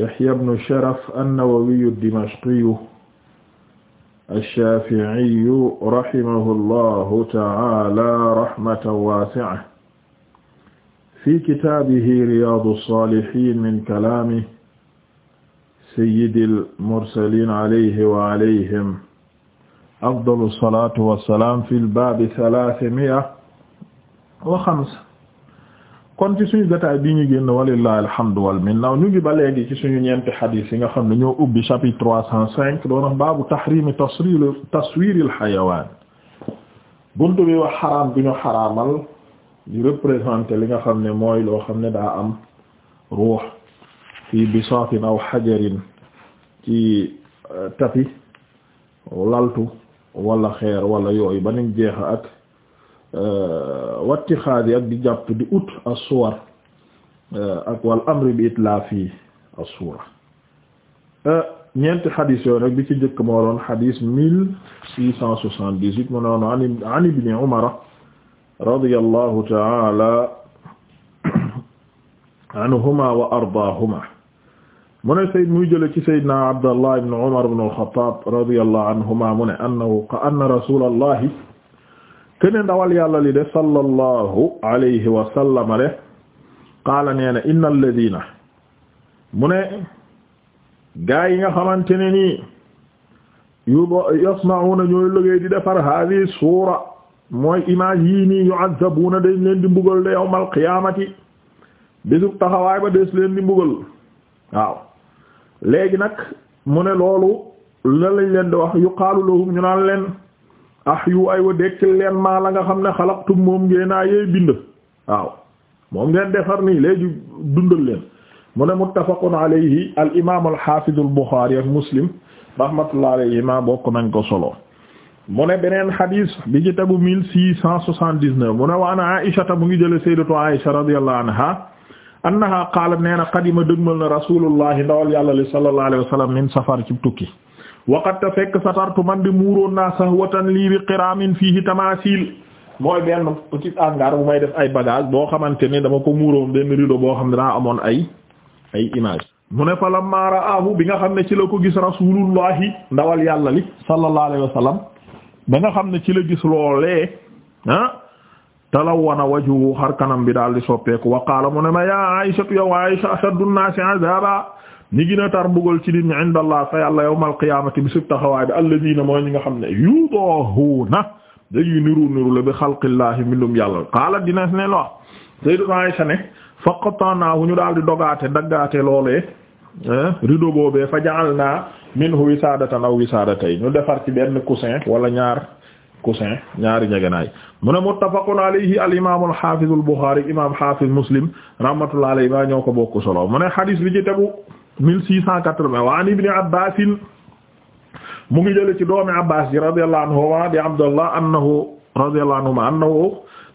Yahya ibn Sharaf an-Nawawi ad-Dimashqi ash-Shafi'i rahimahullahu ta'ala rahmatan wasi'a fi kitaabihi Riyaadu s-Saalihiin min kalaami sayyidil mursaliin alayhi wa alayhim afdalu s-salaatu wa s-salaam fil baabi salaasa mi'a wa xamsa kon ci suñu jotaay bi ñu génn walillahi alhamdu wal naw ñu ngi ba léegi ci suñu ñeenti xadiis yi nga xam ne ñoo ubbi chapitre trois cent cinq doon wax baabu tahrimi taswir taswiril xayawaan buntu bi wax xaraam bi ñu xaraamal di représenter li nga xam ne mooy loo xam ne daa am ruux fii bisaatin aw xajarin ci euh, tapi laltu wala xeer wala yooyu ba nañ jeex ak Euh, watti xaadi ak di jàpp di ut as-suwar euh, ak wal amri bi itlaafi as-suura euh, ñeenti xadis yooyu nag bi ci njëkk moo doon xadis mille six cent soixante-dix-huit mu noonu an ibni Umar radiyallahu ta'ala anhuma wa ardaahuma mu ne Seyd muy jële ci Seydina Abdallah ibn Umar ibn al-Khattab radiyallahu anhuma mu ne annahu anna rasulallahi kene ndawal yàlla li de sallallahu alayhi wa sallam de qaala nee na inna alladina mu ne gaa yi nga xamante ne nii yu yasna'una ñooy liggéey di defar hadi suura mooy image yii nii yu'azzabuna dañ leen di mbugal de yawmal qiyaamati bésub taxawaay ba des leen di mbugal waaw léegi nag mu ne loolu la lañ leen di wax yuqaalu lahum ñu naan leen ah yu ay wa dekkil leen maa la nga xam ne xalaqtum moom ngeenaa yee bind waaw moom ngeen defar nii léegi dundal leen mu ne muttafaqun alayhi al imaam al xaafid al buxaari ak muslim rahmatullah alayhima bokk nañ ko solo mu ne beneen xadiis bi ci tegu mille six cent soixante-dix-neuf mu ne wa an aishata mu ngi jële sayyidatu aisha radiyallahu anha annaha qaalat nee na qadima dëgmal na rasulullahi ndawal yàlla li sallallahu alayhi wa sallam min safar ci tukki waqat te fekk satartu man di muuroon naa sahwatan lii bi qiraamin fiihi tamasil mooy benn petit hangar bu may def ay bagage boo xamante ne dama ko muuroon benn rideau bo xam ne daa amoon ay ay image mu ne fa lamma raahu bi nga xam ne ci la ko gis rasulullahi ndawal yàlla li sallallahu alayhi wa sallam ba nga xam ne ci la gis loolee ah talawwana wajhu xar kanam bi daal di soppeeku wa qaala mu ne ma ya Aysatu yow Aysa ashaddu nnaasi azaaba ñi gën a tar mbugal ci nit ñi indallah fa yàlla yawmal qiyaamati bi sub taxawaay bi alladina mooy ñi nga xam ne yudahuna dañuy niru niru la bi xalqillaahi mbindum yàlla qaala dina ne wax sayyidatu Aisha ne faqatnaahu ñu daal di dogaate daggaate loolee eh, rideau boobee fa ja'alnaa minhu wisaadatan aw wisaadatayn ñu defar ci benn coussin wala ñaar coussin ñaari ñegenaay mu ne muttafaqun alayhi al imaam al haafiz al Buxaari imaam haafiz Muslim rahmatullahi alayhi mille six cent quatre-vingts wa an ibni abbasin mu ngi jële ci doomi abbas ji radiyallahu anhu di abdullah annahu radiyallahu anhu annahu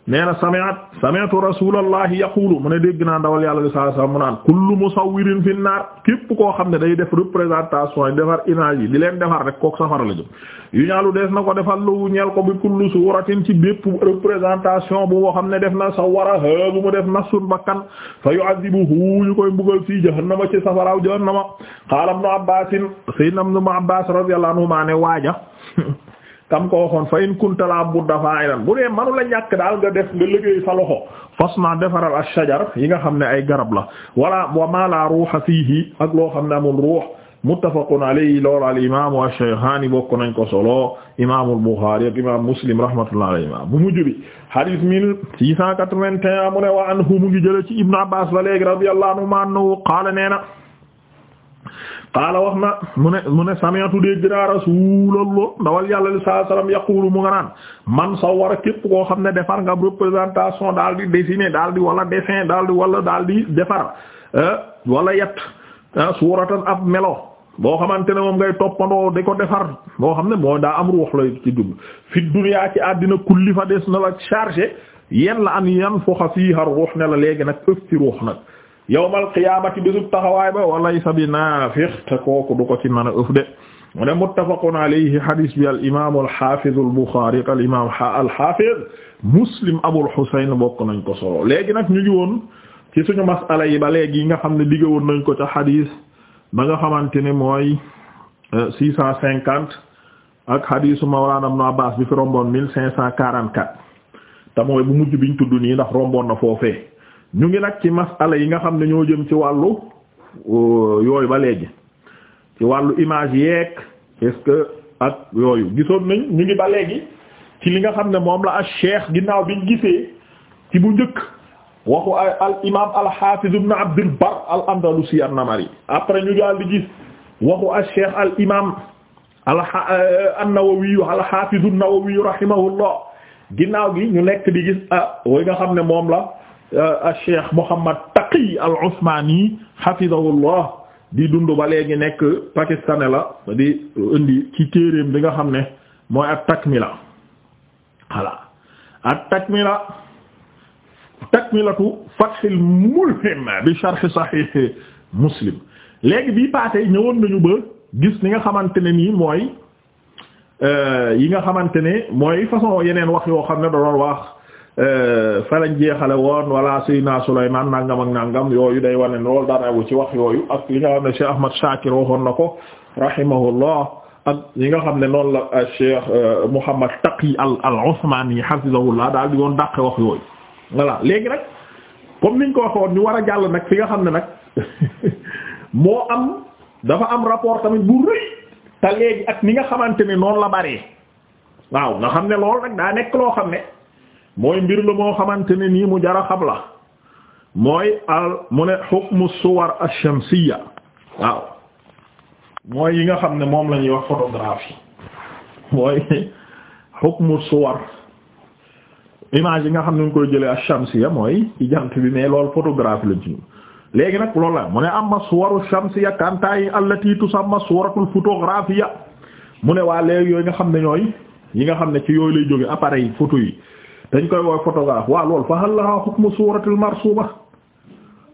nee na sami'at sami'tu rasulallahi yaqulu mu ne dégg naa ndawal yàlla li sallallahu alayhi wasallam mu naan kullu musawwirin fi naar képp koo xam ne day def représentation yi defar image di leen defar rek ko safara la jëm yu ñaalu dees na ko defal lu ñeel ko bi kullu suuratin ci bépp représentation bu boo xam ne def na sawara bu mu def nasun bakkan fa yu'adhibuhu ñu koy mbugal fii jahannama ci safaraaw jahannama qaala ibnu abbaasin sayyidina ibnu abbaas radiyallahu anhuma ne waaja kam ko waxoon fa in kunta la budda fa'ilan bu dee manu la ñàkk daal nga def nga liggéey sa loxo fasna defaral ash-shajar yi nga xam ne ay garab la wala wa ma la ruha fihi ak loo xam ne amul ruux muttafaqun alayhi loolu al imaamu ash-Shaykhani bokk nañ ko solo imaamul Bukhari ak imaam Muslim rahmatullahi alayhima bu mujj bi hadith mille six cent quatre-vingt-un mu ne wa anhu mu ngi jële ci Ibn Abbas ba léegi radiyallahu anhu annahu qaala nee na qaala wax na mu ne mu ne sami'tu dégg naa rasuulallah ndawal yàlla li saa salaam yaqulu mu nga naan man sawara képp koo xam ne defar nga représentation daal di dessiner daal di wala dessin daal di wala daal di defar euh, wala yat euh, suuratan ab melo boo xamante ne moom ngay toppandoo di ko defar boo xam ne mooy daa am ruux lay ci dugg fi ci àddina kulli fa des na la chargé yen la an yan foxa fii xar ruux ne la léegi nag ëf ci ruux nag yawmal qiyaamati bésub taxawaay ba walaysa bi naafiq te kooku du ko ci mën a ëf de mu ne muttafaqun alayhi hadis bi al imaam al haafiz al buxaari al imaam al haafiz muslim abul husayn bokk nañ ko solo léegi nag ñu ngi woon ci suñu masala yi ba léegi nga xam ne digga woon nañ ko ca hadis ba nga xamante ne mooy euh, six cent cinquante ak hadisu mawlaana ibn abbaas bi fi romboon mille cinq cent quarante-quatre te mooy bu mujj biñ tudd nii ndax romboon na foofee ñu ngi nag ci masala yi nga xam ne ñoo jëm ci wàllu euh, yooyu ba léegi ci wàllu image yeeg est que ak yooyu gisoon nañ ñu ngi ba léegi ci li nga xam ne moom la ak cheikh ginnaaw bi gisee ci bu njëkk waxu al imam al hafiz ibn abd al bar al andalusi an-namari après ñu daal di gis waxu ak cheikh al imam al euh, an al hafiz an-nawawi rahimahullah ginnaaw gi ñu nekk di gis ah way nga xam ne moom la Euh, Cheikh Mouhammad Taqi al-Usmani hafidahullah di dund ba léegi nekk pakistanais la di indi ci téereem bi nga xam ne mooy at-Takmila voilà at-Takmila takmilatu Fathil Mulhim bi sharh Sahih Muslim léegi bii paase ñëwoon nañu ba gis ni nga xamante ne nii mooy euh, yi nga xamante ne mooy façon yeneen wax yoo xam ne da wax. Euh, fa lañ jeexale woon wala Seydina Sulaymaan nangam ak nangam yooyu day wane loolu dara wu ci wax yooyu ak li nga xam ne Cheikh Ahmad Shakir waxoon na ko rahimahullah ak li nga xam ne noonu la euh, Cheikh euh, Mouhammad Taqi al al Usmani hafizahullah daal di woon wax yooyu voilà léegi nag comme niñ ko waxoon ñu war a jàll nag fi nga xam ne nag moo am dafa am rapport tamit bu rëy te léegi ak ni nga xamante ni noonu la bëree waaw nga xam ne loolu nag daa nekk loo xam ne mooy mbir la moo xamante ne nii mu jara xam la mooy al mu ne hukmu suwar a shamsiyya waaw mooy yi nga xam ne moom la ñuy wax photographie mooy hukmu suwar image yi nga xam ne ñu koy jëlee ash-shamsiyya mooy ci jant bi mais loolu photographie lañ ci léegi nag lool la mu ne amma suwaru shamsiyya kanta yi tiitu tusamma suwaratul ya mu ne waa léegi yooyu nga xam ne ñooy yi nga xam ne ci yooyu lay jóge appareil photo yi dañ koy wooy photographe waa loolu fa hal laha hukmu suuratil marsuuma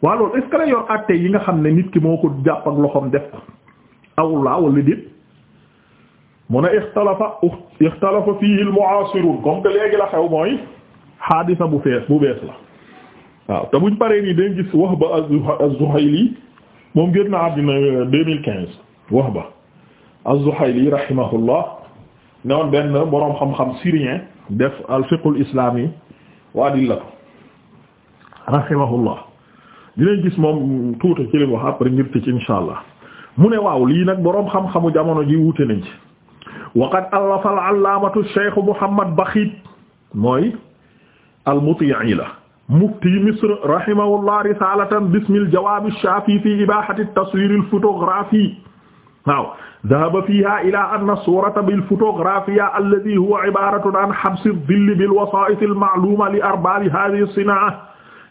waa loolu est ce que yi nga xam ne nit ki moo ko jàpp ak loxoom def ko awul laa wala déet mu ne ixtalafa ixtalafa fiihi al-mu'aasiruun comme que léegi la xew mooy xaadisa bu fees bu bees la waaw te buñ pare nii dañ gis Wahba az-Zuhayli moom génn na àddina deux mille quinze Wahba az-Zuhayli rahimahullah ne woon benn boroom xam-xam syrien def al fiqhul islami wa adillatu rahimahullah dinañ gis moom tuuti ci li mu wax après ngir tëj insha mu ne waaw lii nag boroom xam-xamu jamono ji wuute nañ ci waqad allafa al allaamatu cheikh Muhammad Bakhit mooy al muti'i la mufti Misr rahimahullah risalatan bismil jawaabi shaafi fi ibaahati taswir al fotographie waaw dahaba fiha ila anna surata bilphotographiya alladi huwa cibaratun an xabsi dilli bilwasait almaaluma li arbaabi hadihi lsinaa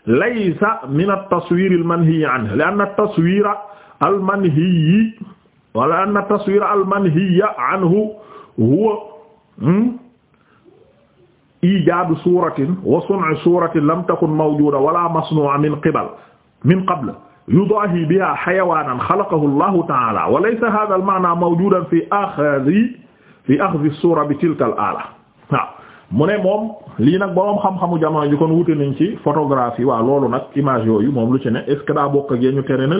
laysa min altaswir almanhiyi anhu li anna taswira almanhiyi wala anna taswira almanhiya anhu huwa hmm, ijaadu suratin wa suncu suratin lam takun mawjuda wala masnuca min qibal min qabl yudaahi biha xayawaanan xalaqahu llahu taala wa laysa hada al maana mawjudan fi axdi fi axdi suura bi tilka al aala waaw mu ne moom lii nag boroom xam-xamu jamono ji kon wute nañ ci photographie waa loolu nag image yooyu moom lu ci ne est ce que daa le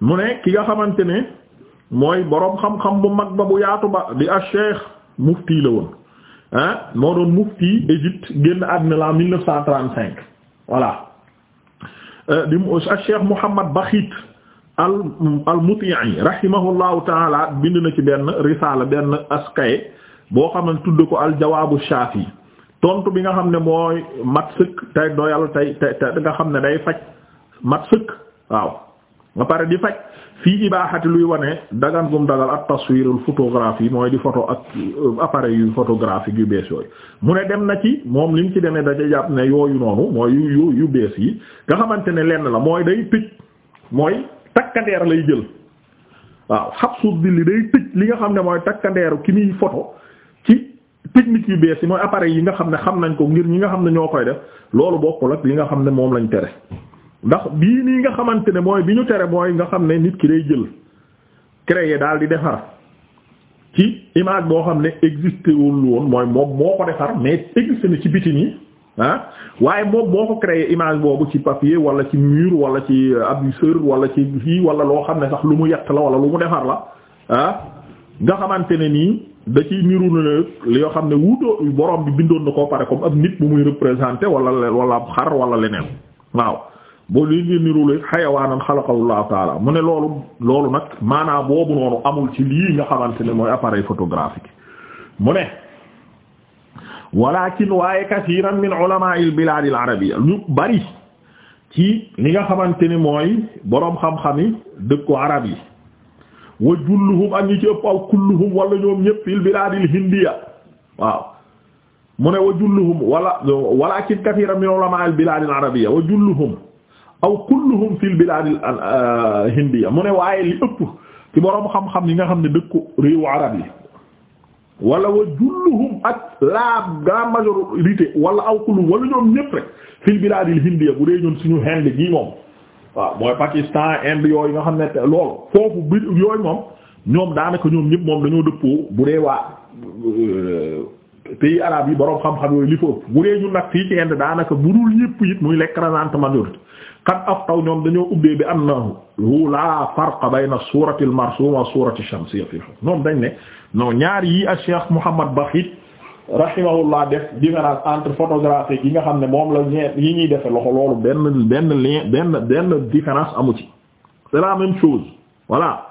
mu ne ki nga xamante ne mooy boroom xam-xam bu mag ba bu yaatu ba bi a cheikh mufti la woon ah moo doon mufti Égypte génn àddina la 1935 Euh, di euh, Cheikh Mouhammad Bakhit al al Muti'i rahimahullahu taala bind na ci benn risaala benn askaye boo xam tudd ko al jawaabu shaafi tontu bi nga xam ne mooy mat sëkk tey doyal tey te te nga xam ne day faj mat sëkk waaw nga pare di faj fii ibaaxati luy wane dagan gum dagal ak taswirul photographie mooy di photo ak euh, appareil yu photographique yu bees yooyu mu ne dem na ci moom lim ci demee daja jàpp ne yooyu noonu mooy yu yu bees yi nga xamante ne lenn la mooy day tëj mooy takkandeer lay jël waaw xab suuf bi li day tëj li nga xam ne mooy takkandeeru ki muy photo ci technique yu bees yi mooy appareil yi nga xam ne xam nañ ko ngir ñi nga xam ne ñoo koy def loolu bokkul ak li nga xam ne moom lañ tere ndax bii nii nga xamante ne mooy bi ñu tere mooy nga xam ne nit ki day jël créer daal di defar ci image boo xam ne existé wul woon mooy moom moo ko defar mais existé na ci biti yi ah waaye moom moo ko créer image boobu ci papier wala ci mur wala ci abuseur wala ci fii wala loo xam ne sax lu mu yett la wala lu mu defar la ah nga xamante ne nii da ciy niru na li yoo xam ne wuutoo borom bi bindoon na koo pare comme ab nit bu muy représenter wala wala xar wala leneen waaw. boo li li nirule xayawaanan xalaqahullahu taala mu ne loolu loolu nag maanaam boobu noonu amul ci lii nga xamante ne mooy appareil photographique mu ne walakin waaye kathiran min ulama il bilad bari ci li nga xamante ni mooy boroom xam-xam yi dëkku arab yi wa julluhum ak ci ëpp aw kulluhum wala ñoom ñëpp fil bilad al hindiya waaw mu ne wa julluhum wala walakin min ulama al bilad al aw kulluhum fil bilaad al euh, hindiya mu ne waaye li ëpp ci boroom xam-xam yi nga xam ne dëkku réewu arab yi wala wa julluhum ak la grande majorité wala aw kulluhum wala ñoom ñépp rek fil bilaad al bu dee ñun suñu Hind gii moom waaw mooy Pakistan Inde yooyu nga xam ne te loolu foofu bi yooyu moom ñoom daanaka ñoom ñépp moom dañoo dëppoo bu dee waa euh, pays arabes yi boroom xam-xam yooyu li fa ëpp bu dee ñun nag fii ci Inde daanaka bu dul ñépp it muy l'écrasante majorité qad aftaw ñoom dañoo ubbee bi annahu la farqa bayna surati al-marsuma wa surati ash-shamsiyya fi ñoom dañ ne non ñaar yi ak Cheikh Mouhamad Bakhit rahimahullah def différence entre photographie yi nga xam ne moom la ñee yi ñuy defe loxo loolu benn benn lien benn benn différence amu ci c'est la même chose voilà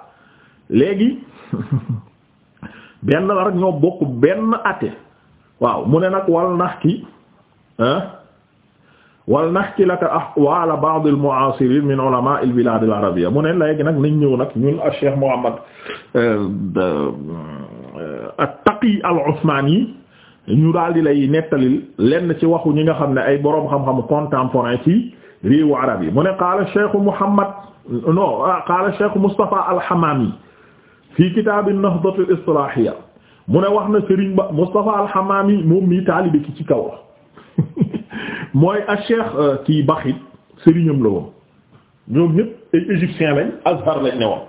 benn la rek ñoo bokk benn ate waaw mu ne nag wal nax ki wal naxki laka ahwaala ba'd al mu'aasiriin min ulamaa al bilaad al arabiyya mu ne léegi nag nañ ñëw nag ñun al Cheikh Muhammad euh, euh, at-Taqi al-Usmaani ñu daal di lay nettalil lenn ci waxu ñi nga xam ne ay boroom xam-xamu contemporain ci réewu arab yi mu ne qaala Cheikh Muhammad non ah, qaala Cheikh Moustapha al-Hamaami fii kitaab an-Nahdati al-Islaahiyya mu ne wax na Serigne Ba Moustapha al-Hamaami moom mii taalibe ki ci kaw. mooy a cheikh euh, kii baxit sëriñam la woon ñoom ñëpp ay égyptien lañ azhar lañ ne woon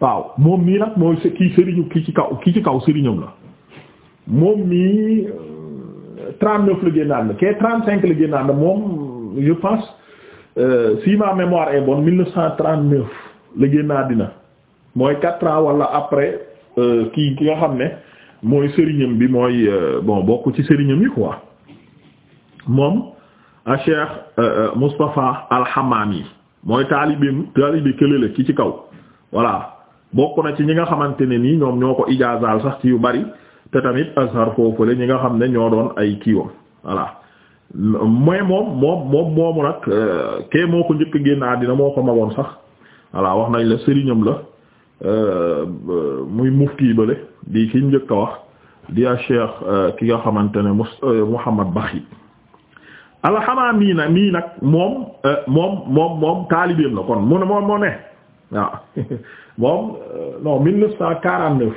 waaw moom nii nag mooy kii sëriñu kii ci kaw kii ci kaw sëriñam la moom mii euh, trente-neuf la génn àddina kee trente-cinq la génn àddina moom je pense euh, si ma mémoire est bonne neuf cent trente-neuf la génn àddina mooy quatre ans wala après kii ki nga xam ne mooy sëriñam bi mooy bon bokk ci sëriñam yi quoi moom a ah, cheikh euh, euh, Moustapha al-Hammami mooy taalibeem taalibe kële la ci ci kaw voilà bokk na ci ñi nga xamante ne nii ñoom ñoo ko ijaazaal sax ci yu bari te tamit Azhar foofu la ñi nga xam ne ñoo doon ay kiiwam voilà mooy moom moom moom moomu nag euh, kee moo ko njëkk génn àddina moo ko magoon sax voilà wax nañ la sëriñam la muy mufti bële di ki njëkk a wax di a cheikh ki nga xamante ne Mouhamad Bakhit alxamaa mii na mii nag moom euh, moom moom moom taalibeem la kon mu ne moom moo moom euh, non neuf cent quarante-neuf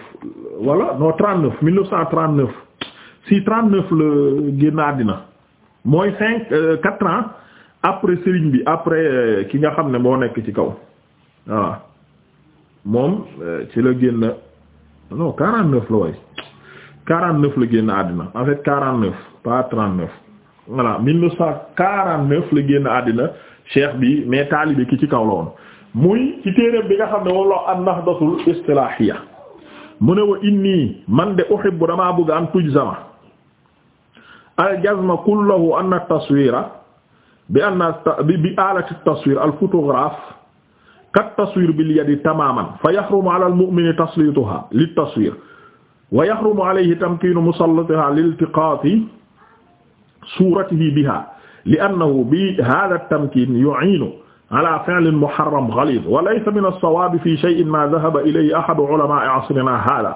wala non trente-neuf mille neuf cent trente-neuf si trente-neuf la génn àddina mooy cinq euh, quatre ans après Serigne bi après ki nga xam ne moo nekk ci kaw waaw moom ci la génn non quarante-neuf la way quarante-neuf la génn àddina en fait quarante-neuf pas trente-neuf voilà 1949 la génn àddina cheikh bi mais taalibe ki ci kaw la muy ci bi nga xam ne walla an-Nahdatul Istilaahiyya mu ne wa inni man de uhibbu damaa bëgg an tujzama al-jazma kulluhu anna bi anna bi alati taswir taswir bil yadi tamaman fa yahrumu ala taslituha lit suratihi biha li annahu bi hadha at-tamkin yu'inu ala fi'lin muharram ghalidh wa laysa min as-sawab fi shay'in ma dhahaba ilayhi ahadu ulama'i 'asrina hadha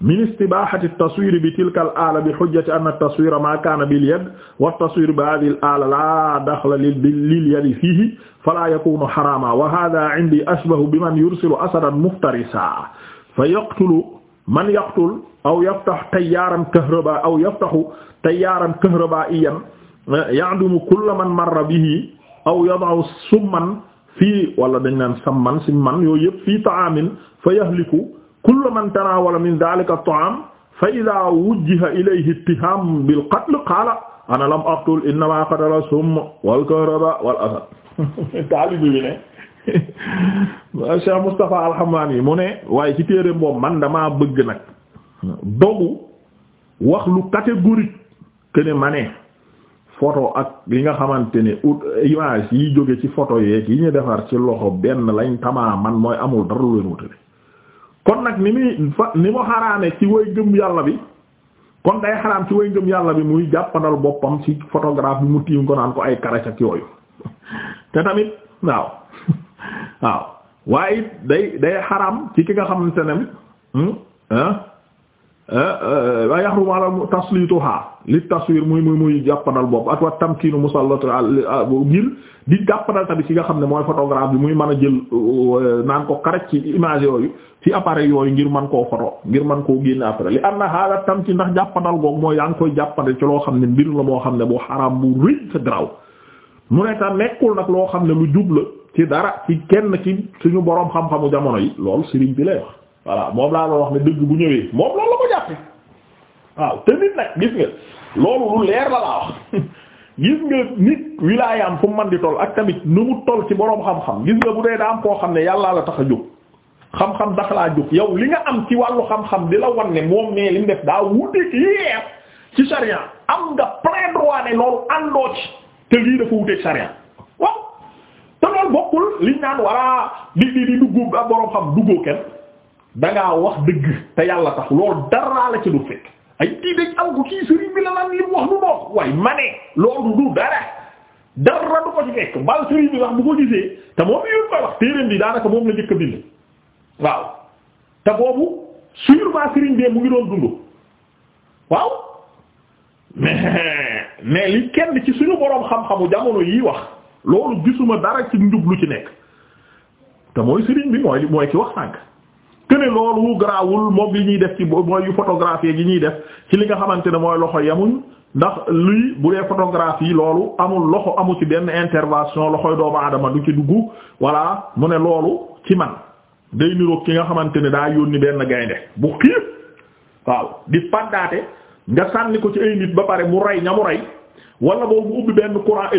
min istibahati at-taswir bi tilka al-ala bi hujjati anna at-taswira ma kana bil yad wa at-taswir bi hadhihi al-ala la dakhla lil yad fihi fala yakunu harama wa hadha 'indi ashbahu biman yursilu asadan muftarisa fayaqtulu man yaqtul aw yaftax tayyaaran kahraba aw yaftaxu tayyaaran kahrabaiyan eh, ya'dumu kulla man marra bihi aw yad'u summan fii wala dañ naan samman simman yooyu yëpp fii ta'aamin fa yahliku kulla man tanaawala min dhaalika at-ta'aam fa idhaa wujjiha ilayhi ittihaamun bil qatl qaala ana lam aqtul innamaa qatala summ wal kahraba wal asad taalibi bi ne Cheikh Moustapha alxamaan yi mu ne waaye ci téere moom man damaa bëgg nag dogu wax lu catégorique que ne ma ne photo ak li nga xamante ni ut image yi jóge ci photo yeeg yi ñu defar ci loxo benn lañ tamaa man mooy amul dara lu leen wutale kon nag ni muy fa ni mu xaraane ci way gëm yàlla bi kon day xaraam ci way gëm yàlla bi muy jàppandal boppam ci photographe bi mu tiim ko naan ko ay karac yooyu te tamit waaw waaw waaye it day day xaram ci ki nga xamante ne wa hmm, eh, eh, eh, yaxrum ala taslituha li taswir muy muy muy jàppandal bopp ak wa tamkiinu musallat ngir di jàppandal tamit ci nga xam ne mooy photographe bi muy mën a jël euh, naan ko karaj ci image yooyu ci appareil yooyu ngir man koo photo ngir man koo génne après li anna tam ci ndax jàppandal googu mooy yaa ngi koy jàppandal ci loo xam ne mbir la moo xam ne bu xaraam bu rëy sa graw mu nekkul nag loo xam ci dara ci kenn ci suñu boroom xam-xamu jamono yi lool sëriñ bi lay wax voilà moom laa doon wax ne dëgg bu ñëwee moom loolu la ko jàppe waaw te nit nag gis nga loolu lu leer la laa wax gis nga nit wilaayaam fu man di toll ak tamit nu mu toll ci boroom xam-xam gis nga bu dee daa am koo xam ne yàllaa la tax a jóg xam-xam dax laa jóg yow li nga am ci wàllu xam-xam di la wan ne moom nee li mu daa wuteek yeer ci sharia am nga plein droit loolu àndoo ci lii dafa bokkul liñ naan walla di di di duggu boroom xam duggoo kenn dangaa wax dëgg te yàlla tax loolu dara la ci du fekk ay kii dëgg am ko kii sëriñ bi la lan li mu wax lu doon waaye ma loolu du dara dara du ko ci fekk bal sëriñ bi wax bu ko gisee te moom yooyu koy wax téereem bi daanaka moom la njëkk a bind waaw te boobu sûrement sëriñ bi mu ngi doon dund waaw mais mais li kenn ci suñu boroom xam-xamu jamono yi wax loolu gisuma dara ci njub lu ci nekk te mooy sëriñ bi mooy mooy ki wax sànk te ne loolu garaawul moom li ñuy def ci mooy yu photographie yi ñuy def ci li nga xamante ne mooy loxo yamuñ ndax luy bu dee photographie loolu amul loxo amu ci benn intervention loxoy doomu aadama du ci dugg voilà mu ne loolu ci man day niroog ki nga xamante ne daa yónni benn gaynde bu xiif waaw di paddaate nga sànni ko ci ay nit ba pare mu rey ña mu rey wala boobu ubbi benn courant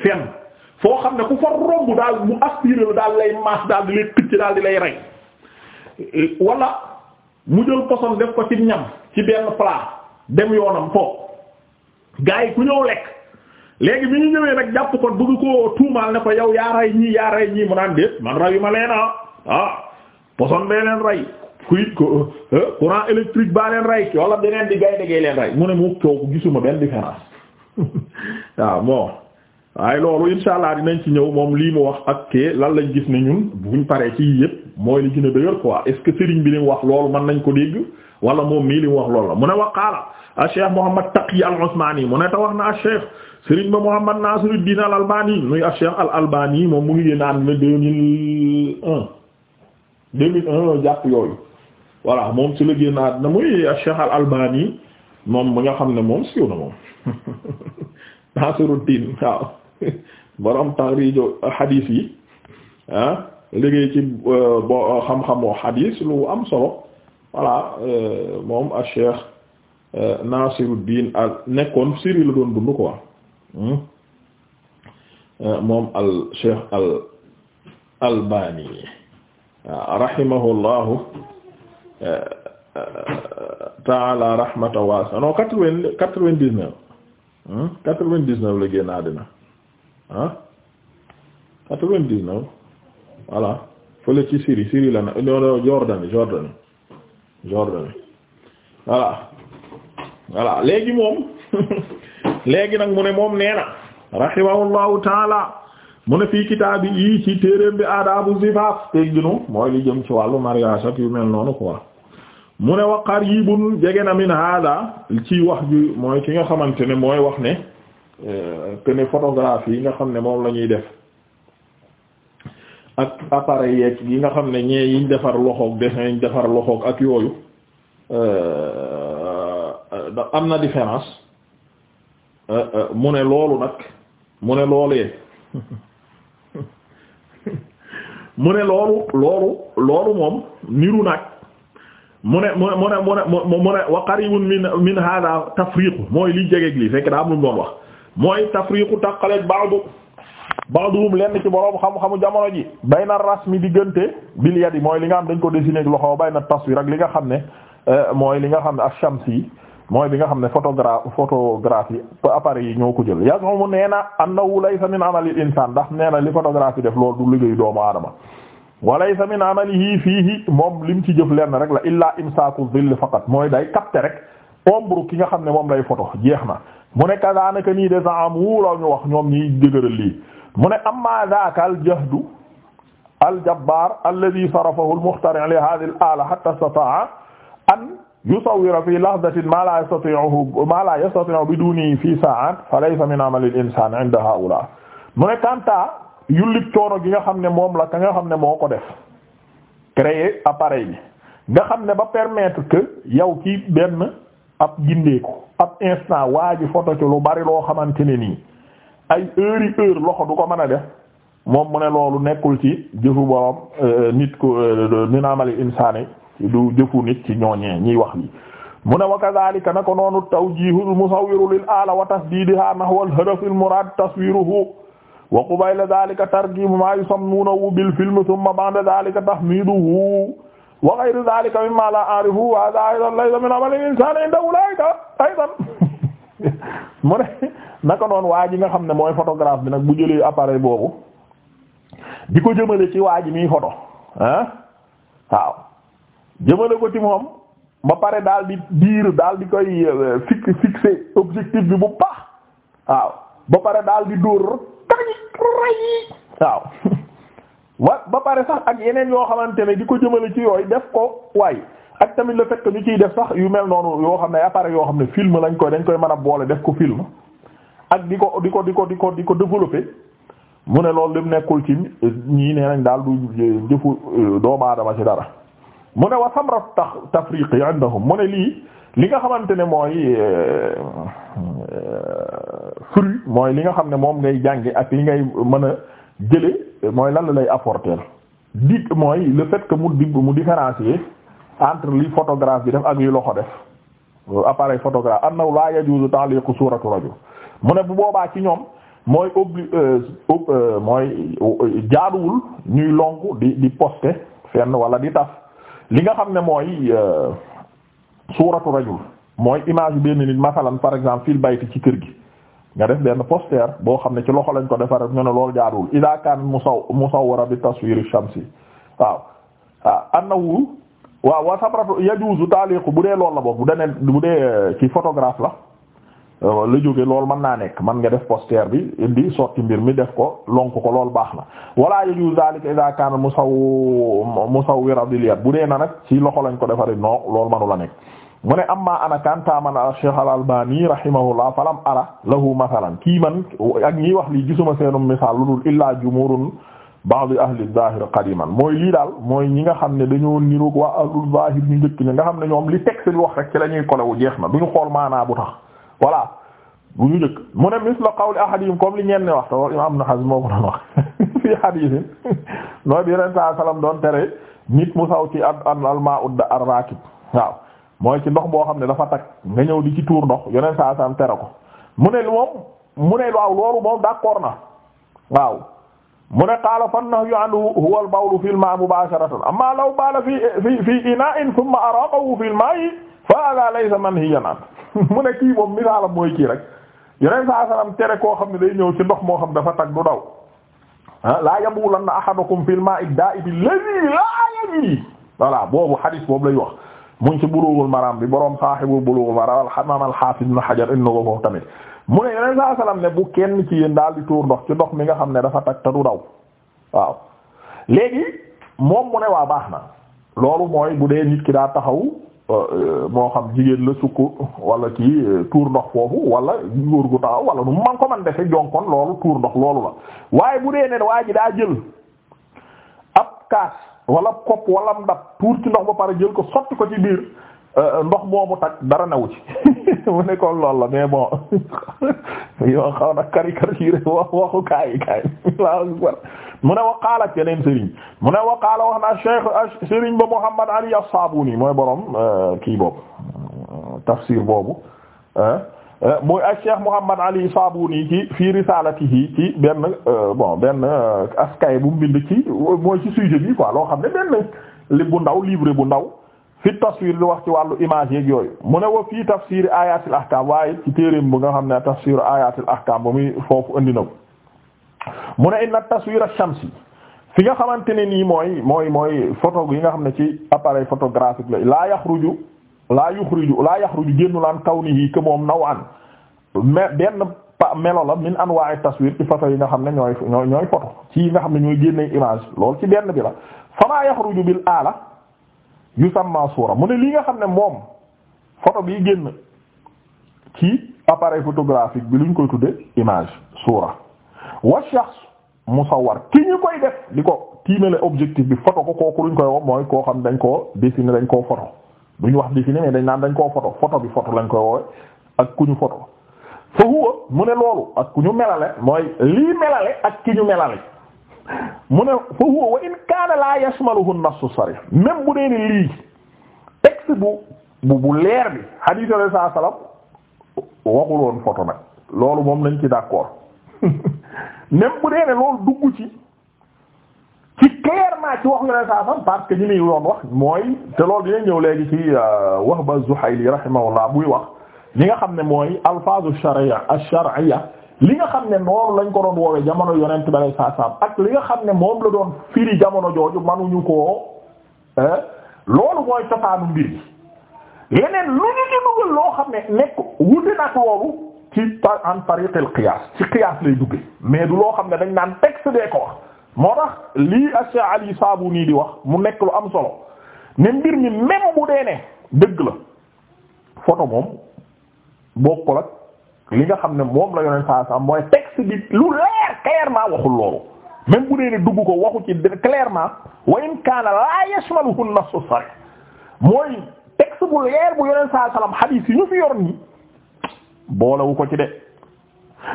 fenn foo xam ne ku fa romb daal mu aspiré daal lay maas daal di lay xëcc daal di lay rey wala mu jël poson def ko ci ñam ci benn plat dem yoonam toog gars yi ku ñëw lekk léegi bi ñu ñëwee nag jàpp ko bëgg ko tuumaal ne ko yow yaa rey ñii yaa rey ñii mu naan déet man rey ma leen ah ah poson bee leen rey kuy eh, eh, courant électrique baa leen rey wala beneen di gay degee leen rey mu ne mu coow gisuma benn différence waaw bon waaye loolu insha allah dinañ ci ñëw moom lii mu wax ak kee lan lañ gis ne ñun buñ paree ci yëpp mooy li gën a dëgër quoi est ce sëriñ bi li mu wax loolu man nañ ko dégg wala moom mii li mu wax loolu la a cheikh Muhammad Taqi al-Usmani mu ne wax na a cheikh sëriñ ba Muhammad Nasiruddin al-Albani muy a cheikh al-Albani moom mu ngi génn naan ne deux mille un deux yooyu voilà moom si la génn àddina muy a cheikh al-Albani moom mi nga xam ne moom siiw na moom Nasiruddin waaw borom taxriiju euh, xadiis yi ah liggéey ci euh, bo euh, xam-xamu xadiis lu am solo voilà moom a cheikh Nasiruddin al nekkoon Syrie la doon dund quoi hmm? moom al cheikh al Albani ah, rahimahullahu taala rahmatan waasi'a non quatre-vingt quatre-vingt-dix-neuf hmm? quatre-vingt-dix-neuf la génn àddina ah quatre-vingt-dix-neuf voilà fële ci Syrie Syrie la na euh, non Jordanie Jordanie Jordanie voilà moom léegi nag mu ne moom nee na rahimahullahu taala mu ne fii kitaabi yi ci téeréem bi aadaabu zifaaf teeg ginu mooy li jëm ci wàllu mariage ak mel noonu quoi mu ne wa qaribun jege na min hada ci wax ji mooy ki nga xamante ne mooy wax ne Euh, que ne photographie yi nga xam ne moom la ñuy def ak appareil yeeg yi nga xam ne ñee yiñ defar loxoog dessin yiñ defar loxoog ak yooyu euh, euh, am na différence mu ne loolu nag mu ne loolu loolu loolu moom niru nag mu ne mu ne mu ne mu ne mu ne wa qaribun min min hada tafriqu mooy li jegeeg lii fekk daa am lu mu wax mooy tafriqu tàqaleeg ba'du ba'duhum lenn ci boroom xam-xamu jamono ji bayna rasmi diggante bil yadi mooy li nga xam dañ ko dessiné ak loxo bayna taswir ak li nga xam ne euh, mooy li nga xam ne ash-shamsi mooy bi nga xam ne photographe photographie appareil yi ñoo ko jël yazumu nee na annahu laysa min amali insaan ndax nee na li photographie def loolu du liggéeyu doomu aadama wa laysa min yii fii moom li lim ci jëf lenn rek la illaa imsaaku dhill faqat mooy day capter rek ki nga xam ne moom lay photo jeex na mu ne kazaanaka nii de zaamu la ñu wax ñoom ñi dëgëral lii mu ne amma zaaka al jahdu al jabbaar alladhi sarafahu al muxtari' li hadhihi al ala hatta istata'a an yusawwira fi lahdatin ma la yastati'uhu ma la yastati'u biduni fi sa'at fa laysa min amali al insan 'inda ha'ula mu ne kanta yullit coono gi nga xam ne moom la ka nga xam ne moo ko def créer appareil bi nga xam ne ba permettre que yow ci benn ab gindeeku ab instant waa ji photo ci lu bari loo xamante ne nii ay heure yi loxo du ko mën a def moom mu ne loolu nekkul ci jëfu borom euh, nit ko euh, min amali insaani du jëfu nit ci ñooñee ñiy wax li mu ne wa kadhalika na ko noonu tawjihul musawwiru lil ala wa tasdidiha nahwa al hadaf al murad taswiruhu wa qubayla dhalika targibu ma yusammunahu bil film thumma ba'da dhalika tahmiduhu wa ghayru dhalika mimma la a'rifu wa hadha aydan laysa min amali al-insani inda ulaika aydan mu ne naka noonu waa ji nga xam ne mooy photographe bi nag bu jëlee appareil boobu di ko jëmale ci waa ji miy photo ah waaw jëmale ko ci moom ba pare daal di diir daal di koy fix fixer objectif bi bu baax waaw ba pare daal di dóor waaw wa ba pare sax ak yeneen yoo xamante ne di ko jëmale ci yooyu def ko waaye ak tamit la fait que ñu ciy def sax yu mel noonu yoo xam ne appareil yoo xam ne film lañ koy dañ koy mën a boole def ko film ak di ko di di ko di ko di ko développer mu ne loolu lim nekkul ci ñii nee nañ daal du jëfu euh, doomu aadama ci dara mu ne wa samra tafriqi indahum mu ne lii li nga xamante ne mooy euh, euh, fruit mooy li nga xam ne moom ngay jànge ak li ngay mën a jële mooy lan la lay apporter dig mooy le fait que mu dig mu différencier entre li photographe bi def ak li loxo def appareil photographe annahu la yajuzu ta'liqu suratu rajul mu ne bu boobaa ci ñoom mooy obli euh, euh, mooy euh, jaaduwul ñuy lonku di di poster fenn wala di taf li nga xam ne mooy suratu rajul mooy image benn nit masalan par exemple fil bayti ci kër gi nga def benn poster boo xam ne ci loxo lañ ko defar ñu ne loolu jaadul ida mu saw musawwara bi taswir shamsi waaw waaw ah, annahu waaw wa sabratu yajuzu taaliqu bu dee loolu la boobu bu dene bu dee ci photographe la euh, la jóge loolu mën naa nekk man nga def poster bi indi sotti mbir mi def ko lonk ko loolu baax na wala yajuzu zalika ida kan musaw musawwira bil yad bu dee na nag ci loxo lañ ko defari noo loolu manu la nekk mu ne am ana kanta man al Cheikh al Albani rahimahullah falam ara lahu masalan kii man ak ñiy wax lii gisuma seenum misaal lu dul illaa jumhurun ba'd ahli zahir qadiman mooy lii daal mooy ñi nga xam ne dañoo niroog waa ahlu zahir ñu njëkk ñi nga xam ne ñoom li texte bi wax rek ci lañuy ñuy kolewu jeex na ñu xool maanaa bu tax voilà bu ñu njëkk mu ne misla qawli ahadihim comme li ñeen ne wax te war imam Ibn Hazm moo ko doon wax fii hadisin nooy nit mu saw ci ad an alma mooy ci ndox boo xam ne dafa tag nga ñëw di ci tuur ndox yeneen saa saam tere ko mu ne moom mu ne waaw loolu moom d'accord na waaw mu ne qaala fan nahyu anhu huwa al bawlu fil ma'i mubasharatan amma law baala fi fi fi ina'in thumma araqahu fa hadha laysa manhiyan an mu ne kii misaalam mooy kii rek yeneen saa saam tere koo xam ne day ñëw ci ndox moo xam dafa tag du daw ah la yabulanna ahadukum fil ma'i ad-da'ib alladhi la yajri voilà boobu hadith boobu lay wax mu ci Bulughul Maram bi borom saahibu Bulughul Maram al-Imam al-Hafiz Ibn Hajar inna ko foofu tamit mu ne yeneen saa salaam kenn ci daal di tuur ndox ci ndox mi nga xam ne dafa tag te du daw waaw léegi moom mu waa baax na loolu mooy bu dee nit ki daa taxaw euh, euh, moo xam jigéen la sukk wala ci euh, tuur ndox foofu wala góor gu taxaw wala nu man ko man defe jonkon loolu tuur ndox loolu la waaye bu dee ne waa ji daa jël ab kaas wala kopp wala ndab tuur ki ndox ba pare jël ko sotti ko ci biir euh, ndox moomu tag dara newu ci mu ne ko lool la mais bon yoo xaw na caricature waxu kaay kaay waaw mu ne waqaala keneen Serigne mu ne waqaala wax na Cheikh ah, Serigne ba Muhammad Ali as ni mooy borom euh, kii boobu boobu ah. mooy ak Cheikh Mouhamad Ali Sabuni ci fii risalatihi ci benn euh, bon benn euh, askay bu mu bind ci mooy ci sujet bi quoi loo xam ne benn li bu ndaw livre bu ndaw fi taswir lu wax ci wàllu image yeeg yooyu mu ne wa fii tafsir ayatil ahkam waaye ci téereem bu nga xam ne tafsir ayatil ahkam ba muy foofu andi na ko mu ne inna taswir ash-shamsi fi nga xamante ne nii mooy mooy mooy photo yi nga xam ne ci appareil photographique la la yaxruju laa yuxriju laa yaxruju génnulaan kaw ni yi que moom naw an mais benn melo la min anwa'i taswir ci photo yi nga xam ne ñooy ñooy ñooy photo ci nga xam ne ñooy génne image loolu ci benn bi la fama yaxruju bil aala yusamma suura mu ne li nga xam ne moom photo bi génn ci appareil photographique bi luñ koy tuddee image suura wa shakhs musawwar ki ñu koy def di ko tiimale objectif bi photo ko kooku luñ koy wax mooy koo xam dañ koo dessiner dañ koo photo buñ wax bi fi ne dañ naan dañ koo photo photo bi photo lañ koy woowe ak ku ñu photo fa huwa mu ne loolu ak ku ñu melale mooy lii melale ak ki ñu melale mu ne fa huwa wa in kaana la yashmaluhu nassu sarih même bu dee ni lii texte bu bu bu leer bi hadith alayhi salam waxul woon photo nag loolu moom lañ ci d'accord même bu dee ne loolu dugg ci ci clairement ci wax yoneen saa sam parce que ñi muy doon wax mooy te lool dina ñëw léegi ci euh, Wahba Zuhayli rahimahullah buy wax li nga xam ne mooy alfazu sharia ash-shar'iyya li nga xam ne noonu lañ ko doon woowee jamono yonent bi alay ak li nga xam ne moom la doon firi jamono jooju manuñu koo euh, loolu mooy cosaanu mbir yi leneen lu ñu ci dugal loo xam ne nekk wuti nag woowu ci par en tariq al qiyaas ci qiyaas lay duggee mais du loo xam ne dañ naan texte dee ko moo tax lii ak Ali Saabu nii di wax mu nekk lu am solo ne mbir mi même bu dee ne dëgg la photo moom bokkul ak li nga xam ne moom la yoneen saa saa mooy texte bi lu leer clairement waxul loolu même bu dee ne dugg ko waxu ci clairement wa in kaana laa yashmaluhu an-nass as mooy texte bu leer bu yoneen saa salaam xadiis yi ñu fi yor nii boolewu ko ci de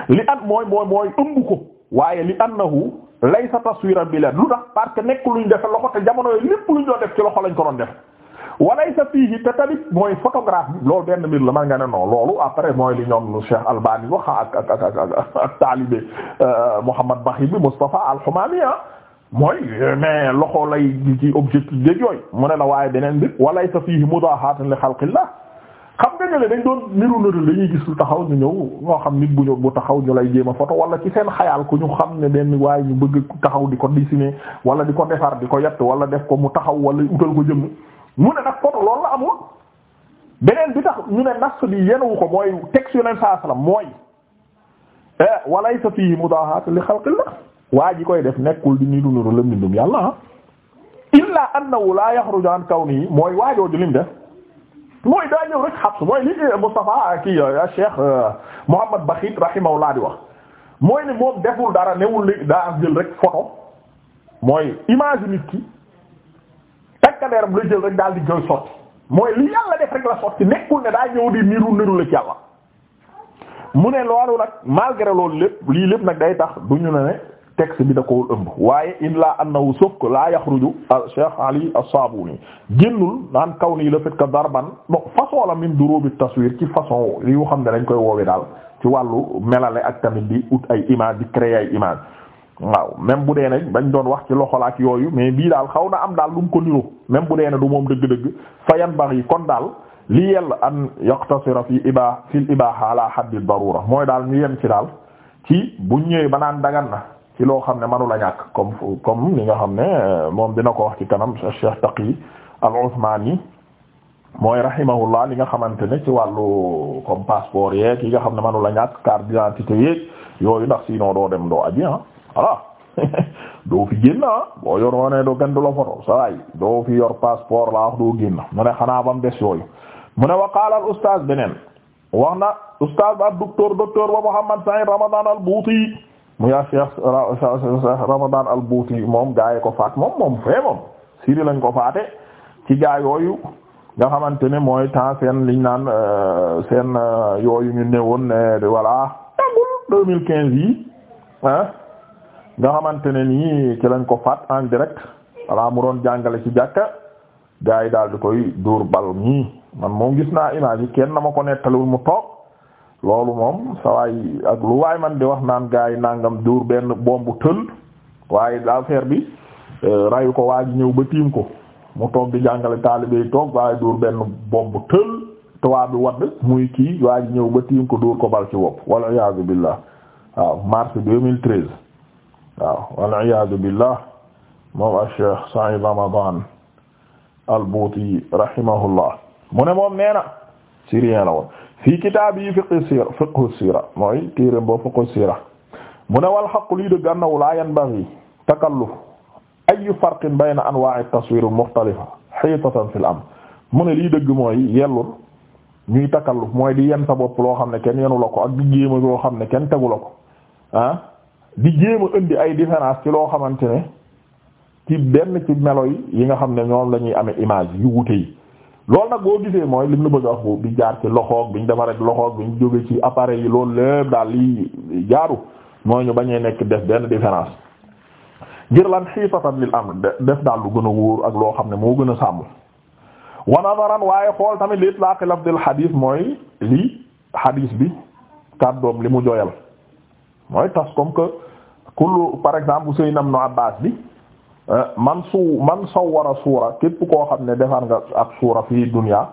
li an mooy mooy mooy ëmb ko waaye li annahu laysa taswira bi la lu tax parce que nekk luñ defe loxo te jamono yooyu lépp luñ def ci loxo lañ ko doon def walaysa fiihi te tamit mooy photographe bi loolu benn mbir la man nga ne non loolu après mooy li ñoom Cheikh Albani wax ak ak ak ak taalibe euh, Mouhamad Bakhi bi Moustapha al-Humami ah, mooy mais loxo lay ci objectif de yooyu mu ne la waaye beneen mbir walaysa fiihi mudaahaatun li xalqillah xam nga ñële dañ doon niru niru dañuy gis lu taxaw ñu ñëw ñoo xam nit bu ñu bu taxaw ñu lay jéem wala ci seen xayaal ku ñu xam ne benn waaye ñu bëgg taxaw di ko dessiner wala di ko defar di ko yett wala def ko mu taxaw wala utal ko jëmm mu ne nag photo loolu la amul beneen bi tax ñu ne nas bi yenuwu ko mooy texte yoneen saa salaam mooy eh, walaysa fihi mudaahaat li xalqillah waa ji koy def nekkul di niru niru la mbindum yàlla ah illa annahu la yaxruju an kawnihi mooy waajooju lim def mooy daa ñëw rek xabs mooy li Moustapha kii ah, Cheikh euh, Mouhamad Bakhit laa di wax mooy ne moom deful dara newul li daa am jël rek photo mooy image nit ki takkadeeram la jël rek daal di koy sotti mooy li yàlla def rek la sotti nekkul ne daa ñëw di niru niru la yàlla mu ne loolu nag malgré loolu lépp lii lépp nag day tax duñu ne ne texte bi da ko ëmb waaye illa annahu sukk la yaxruju Cheikh Ali as-Sabuni génnul naan kaw nii la fait que darban bon façon la min durubi taswir ci façon yi xam ne dañ koy woowe daal ci wàllu melale ak tamit di ut ay image di créer ay image waaw même bu dee ne bañ doon wax ci loxo la yooyu mais bii daal xaw na am daal lu mu ko niroo même bu dee ne du moom dëgg-dëgg fa yan bari kon daal li yella an yaqtasira fi ibaa fi l ibaha ala haddi darura mooy daal ñu ci daal ci bu ñëwee ba naan dagan na ci loo xam ne manu la ñàkk comme comme li nga xam ne euh, moom dina ko wax ci kanam Cheikh Taqi al-Uthmani mooy rahimahullah li nga xamante ne ci wàllu comme passeport yeeg yi nga xam ne manu la ñàkk carte d'identité yeeg yooyu ndax sinon doo dem doo aji ah voilà doo fi génn ah boo doo kenn du la photo saa yi doo fi yor passeport laa wax doo mu ne xanaa bam yooyu mu ne wa qaala al ustaaz beneen wax na ba docteur docteur ba Muhammad Sa'id Ramadan al-Buti muy a Cheikh Ramadan al-Bouti moom gaaye ko faat moom moom fee moom Syrie lañ ko faate ci gaa yooyu nga xamante ne mooy temps seen liñ naan euh, seen euh, yooyu ñu ne woon ne voilà yi nga xamante ne nii ci lañ ko faat en direct voilà mu doon jàngale ci jàkka gaa yi daal di koy dóor bal ñii man moom gis na image yi kenn na ko nettalul mu toog loolu moom sawaay ak lu waay man di wax naan gaa yi nangam dóor benn bombu tël waaye affaire bi euh, rayu ko waa ji ñëw ba tiim ko mu toog di jàngale taalibe toog waaye dóor benn bombu tël toit bi wadd muy kii waa ji ñëw ba tiim ko dóor ko bal ci wopp walla iyaazu billah waaw mars 2013 waaw walla iyaazu billah moom a Cheikh Saïd Ramadan al-Bouti mu ne moom nee syrien la woon fii kitaab yi fiqhu siira fiqhu siira mooy téere boo fiqhu siira mu ne wal xaq lii dëgg annahu laa yanbaghi takalluf ay farqin bayna anwaa'i taswiir muxtalifa hiitatan fil amr mu ne lii dëgg mooy yellul ñuy takalluf mooy di yen bopp loo xam ne kenn yenu la ko ak di jéema loo xam ne kenn tegu la ko ah di jéema indi ay différence ci loo xamante ne ci benn ci melo yi yi nga xam ne ñoom la ñuy amee image yu wute yi loolu nag boo gisee mooy lim la bëgg a wax bu di jaar ci loxoog biñ defar ak loxoog biñ jóge ci appareil yi loolu lépp daal li jaaru mooy ñu bañee nekk def benn différence ngir lan xiifatan lil am def daal lu gën a wóor ak loo xam ne moo gën a sàmm wanadaran waaye xool tamit li itlaq lafdil xadiis mooy li xadiis bi kàddoom li mu joyal mooy tas comme que kullu par exemple Seynam no Abbas bi Eh, man su man sawwara suura képp koo xam ne defar nga ak suura fii dunya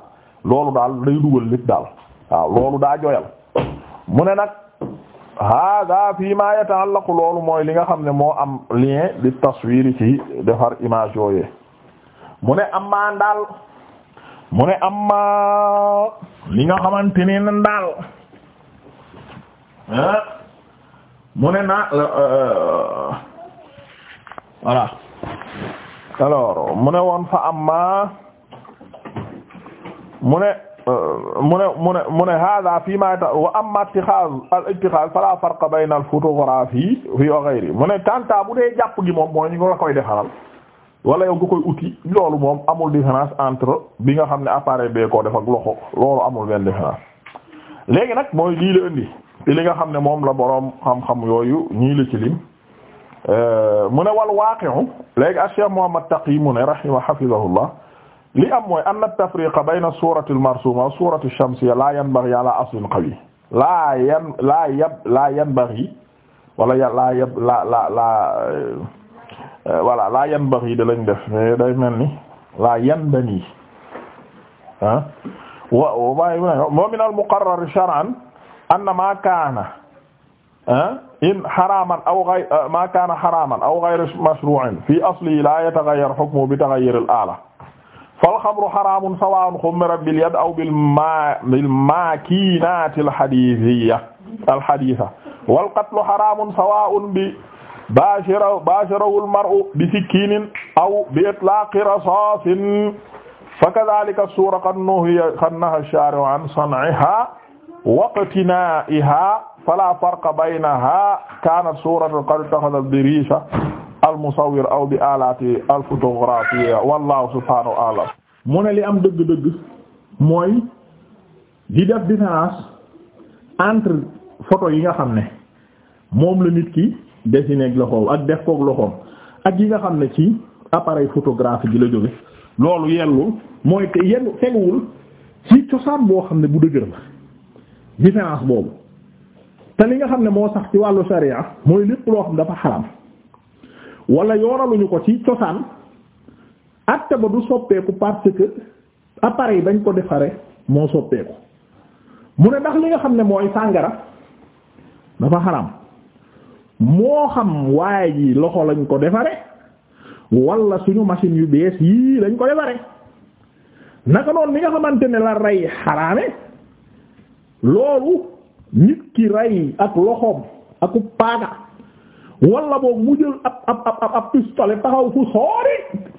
loolu daal day dugal lépp daal waaw loolu daa joyal mu ne nag hada fii ma yataallaqu loolu mooy li nga xam ne moo am lien di taswiri ci defar image mu ne am maa ndaal mu nga xamante ne ndaal eh, mu ne na eh, voilà alors mu ne woon fa amma mu ne mu ne mu ne mu ne hada fii ma wa amma ittixaaz al ittixaaz fala farqa bayna al photographie fi wa ghayri mu ne tanta bu dee jàpp gi moom mooy ñu la koy defaral wala yow nga koy uti loolu moom amul différence entre bi nga xam ne appareil bee ko def ak loxo loolu amul benn différence léegi nag mooy lii la indi te li nga xam ne moom la boroom xam-xam yooyu ñii la ci lim mu ne wal waaqi'u léegi Cheikh Muhammad Taqi mu ne rahima hafizahullah li am mooy anna tafriqa bayna suurati al-marsuuma wa suurati ash-shamsiyya laa yanbaghi ala aslin qawi laa yan laa yab laa yanbaghi wala laa yab laa laa laa voilà laa yanbaghi da lañ def mais day mel ni laa yanbani ah wa waaye wa min al-muqarrar shar'an anna maa kaana ah in xaraaman aw gay euh, maa kaana xaraaman aw gayru mashru'in fii aslihi laa yataxayyaru hukmuhu bi taxayyuril aala fal xamru xaraamun sawaa'un xummirat bil yad aw bil maa bil maakiinaatil hadiisiyya al hadiisa wal qatlu xaraamun sawaa'un bi baashira baashirawul mar'u bi sikkiinin aw bi itlaaqi rasaasin fakazaalika suura qad nuhiya qad nahaa ash-shaari'u an san'ihaa wa iqtinaa'ihaa fala farqa baynaha kanat suratan qad ittakhadhat bi risha al musawwir aw bi alati al wallahu subhanahu wa mu ne li am dëgg-dëgg mooy di def différence entre photo yi nga xam ne moom la nit ki dessiné ak loxoom ak def koog loxoom ak yi nga xam ne ci appareil photographique bi la jóge loolu yellu mooy te yenn teguwul ci cosaan boo xam ne bu dëgër la différence boobu te li nga xam ne moo sax ci wàllu sharia mooy lépp loo xam dafa xaram wala yoonaluñu ko ci cosaan atte ba du soppeeku parce que appareil bañ ko defaree moo soppeeku mu ne ndax li nga xam ne mooy sàngara dafa xaram moo xam waaye ji loxo lañ ko defare wala suñu machine yu bees yii lañ ko defare naka noonu li nga xamante ne la rey xaraame loolu nit ki rey ak loxoom ak paaka wala boobu mu jël ab ab ab ab pistolet taxaw fu soori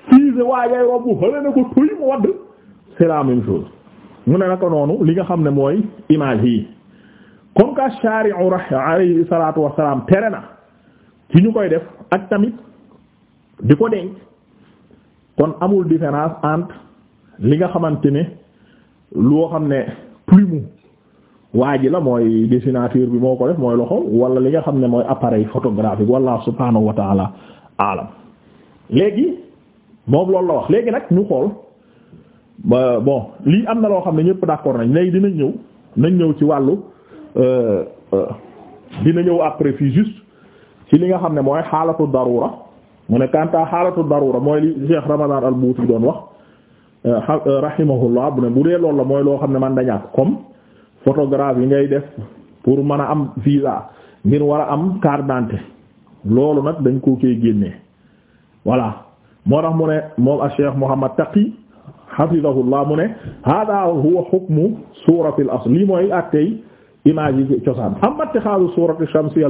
fii waa yaay romb xële na ko tuy mu wadd c'est la même chose mu ne naka noonu li nga xam ne mooy image yi comme que shari'u ra alayhi salatu wassalam tere na ci ñu koy def ak tamit di ko denc kon amul différence entre li nga xamante ne loo xam ne plume waa ji la mooy dessinateur bi moo ko def mooy loxo wala li nga xam ne mooy appareil photographique walla subhaanahu wa taala alam léegi moom loolu la wax léegi nag ñu xool bon lii am na loo xam ne ñëpp d'accord nañ léegi dinañ ñëw nañ ñëw ci wàllu euh, euh, dina ñëw après fii juste ci li nga xam ne mooy xaalatu darura mu ne kanta xaalatu darura mooy li Cheikh Ramadan al-Bouti doon wax euh, rahimahullah bu ne bu dee loolu la mooy loo xam ne man dañaat comme photographe yi ngay def mën a am visa ngir war a am carte d'identité loolu nag dañ koo koy génnee voilà moo tax mu ne a Taqi hafizahullah hada huwa hukmu surati al asl lii mooy attey image yi cosaan amma ittixaazu surati shamsiyya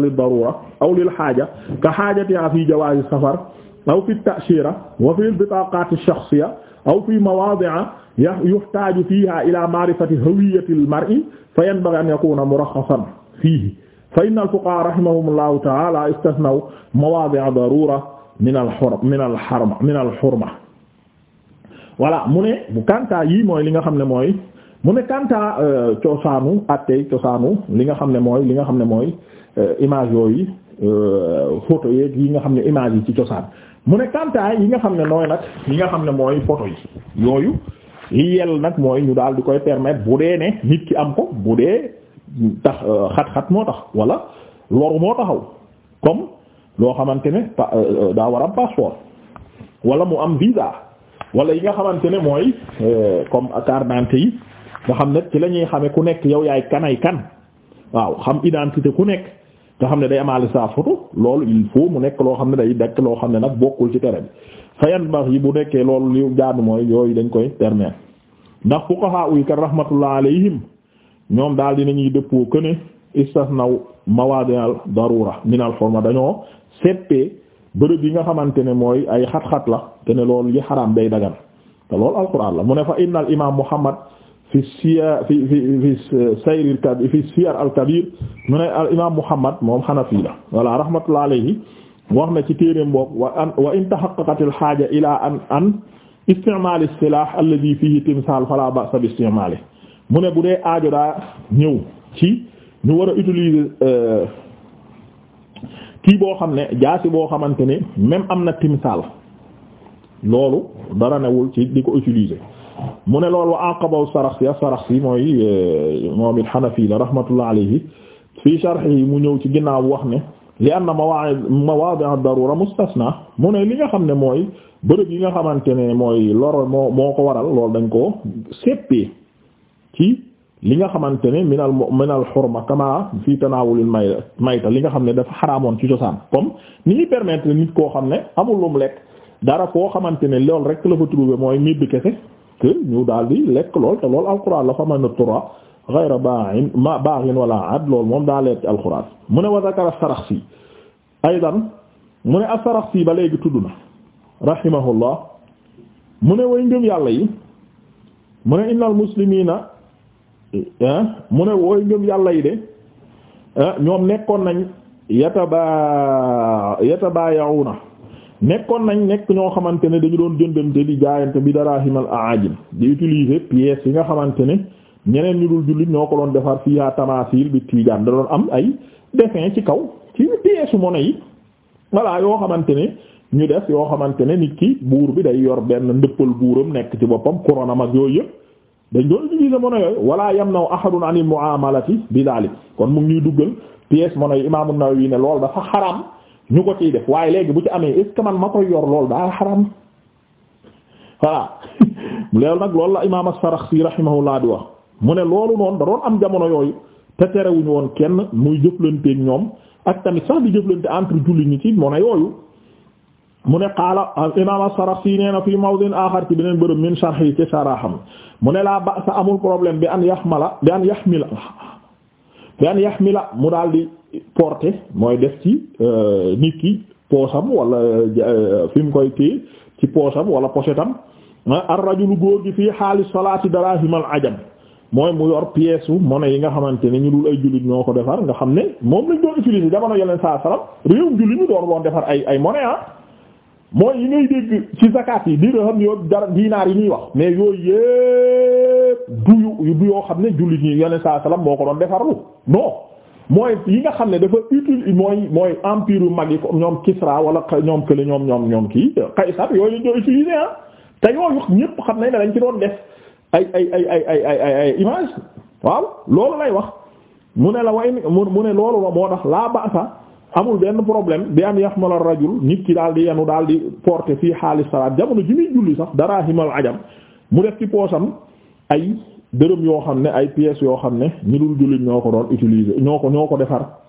aw lil haaja ka haajatiha fi jawaazi safar aw fi at-ta'shira wa fi al bitaqat ash-shakhsiyya aw fi mawaadi'a yuhtaaju fiihaa ilaa ma'rifati hawiyatil mar'i fa yanbaghii an yakuuna murakhasan fiihi fa inna al-fuqahaa rahimahumullaahu ta'aalaa istahnaw mawaadi'a daruura min al-hurma min al-hurma min al-hurma voilà mu ne bu kantaa yii mooy li nga xam ne mooy mu ne kantaa euh, cosaanu attey cosaanu li nga xam ne mooy li nga xam ne mooy euh, image yooyu euh, photo yeeg yi nga xam ne image yi ci cosaan mu ne kantaay yi nga xam ne nooy nag yi nga xam ne mooy photo yi yooyu yi yell nag mooy ñu daal di koy permettre bu dee ne nit ki am ko bu dee tax euh, xat-xat moo tax wala loru moo taxaw comme loo xamante ne euh, euh, daa war am passeport wala mu am visa wala yi nga xamante ne mooy comme carte d'identité yi nga xam ne ci la ñuy xamee ku nekk yow yaay kanay kan waaw xam identité ku nekk. nga xam ne day amaale saa photo loolu il faut mu nekk loo xam ne day dekk loo xam ne nag bokkul ci tere bi fayan bax yi bu nekkee loolu li jaadu mooy yooyu dañ koy permettre ndax fuqaha uy kat rahmatullah alayhim ñoom daal dinañuy dëppoo que ne istasnaw mawaadi al darura min al dañoo seppee bërëb yi nga xamante ne mooy ay xat-xat la te ne loolu yi xaraam day dagan te loolu alquran la mu ne fa inna al muhammad fi siya fi fi siyar al mu ne al imaam Muhammad moom Hanafi la voilà rahmatullah alayhi wax na ci téereem boobu wa an wa in tahaqqaqat al haaja ila an an isti'mal al silah fihi timsal fala ba'sa bi isti'malihi mu ne bu dee aajo daa ñëw ci ñu war a euh, kii boo xam ne jaasi boo xamante ne même am na timsal loolu dara newul ci di ko utilise mu ne loolu wa aqabaw saraxsi a saraxsi mooy eh, moom it xanafi la rahmatullah alayhi fii sharhi yi mu ñëw ci ginnaaw wax ne li anna mawaadi'a darura mustasna mu ne li nga xam ne mooy bërëb yi nga xamante ne mooy loro moo moo ko waral loolu dañ ko seppee ci li nga xamante ne minal minal xurma kama fii tanaawulil may mayta li nga xam ne dafa xaraamoon ci cosaan comme ni ñuy permettre nit koo xam ne amul lum lekk dara foo xamante ne loolu rek la fa trouver mooy midd kese que ñu daal di lekk lool te lool alquran la fa mën a tura ghayra ba'in ma ba'in wala ad lool moom daa leer ci alquran mu ne wa zakara aydan mu ne as ba léegi tudd na rahimahullah mu ne way ngëm yàlla yi mu ne innal muslimina eh, mu ne way ngëm yàlla yi de eh, ñoom nekkoon nañ yatabaa yatabaayawuna nekkoon nañ nekk ñoo xamante ne dañu doon jëndante di jaayante bi daraahimal aajim di utiliser pièces yi nga xamante ne ñeneen ñu dul jullit ñoo ko doon defar fii yaa tamasil bi tiijaan da doon am ay dessin ci kaw ci pièces monnaie yi voilà yoo xamante ne ñu def yoo xamante ne nit ki buur bi day yor benn ndëppal buuram nekk ci boppam couronne ak yooyu yëpp dañ doon utiliser monnaie yooyu wala yamnaw ahadun anil mu'amalati bi daalik kon mu ñuy duggal pièces monnaie yi ne loolu dafa xaraam ñu ko ciy def waaye léegi bu ci amee est ce que man ma koy yor loolu daa xaram voilà loolu nag loolu la imaam as-Saraxsi laa di wax mu ne loolu noonu da doon am jamono yooyu te terewuñu woon kenn muy jëflanteeg ñoom ak tamit sax di jëflante entre julli ñi ci moo ne yooyu mu ne qaala imaam as-Saraxsi nee na fii mawdin aaxar ci beneen bërëb min sharhi ci saraxam mu ne laa ba sa amul problème bi an yaxmala bi an yaxmila bi an yaxmila mu porté mooy def ci euh, nit ki poosam wala euh, fi koy téye ci poosam wala pochetam ah, ar rajulu góor gi fii xaalis salaati darahimal ajam mooy mu yor pièce monnaie yi nga xamante ne ñu dul ay jullit ñoo ko defar nga xam ne moom lañ doon utiliser jamono yeneen saa salam réewum jullit ñu doon woon defar ay ay monnaie ah mooy yi ngay dégg ci zakat yi di xam yoo dara dinaar yi ñuy wax mais yooyu yëpp du yu du yoo xam ne jullit ñi yeneen saa salam moo ko doon defarlu non mooy yi nga xam ne dafa utile mooy mooy empire yu mag yi ko ñoom Kisra wala ñoom kële ñoom ñoom ñoom kii Kaysar yooyu lañ doon utilisé ah te yooyu ñëpp xam nañ ne dañ ci doon def ay ay ay ay ay ay ay image waaw loolu lay wax mu ne la way mu ne loolu la moo tax laa baasa amul benn problème bi am yaxmalal rajul nit ki daal di yenu daal di porter fii xaalis salaat jamono ji muy julli sax daraahimal ajam mu def ci poosam ay. dërëm yoo xam ne ay pièces yoo xam ne ñu dul jullit ñoo ko doon utiliser ñoo ko ñoo ko defar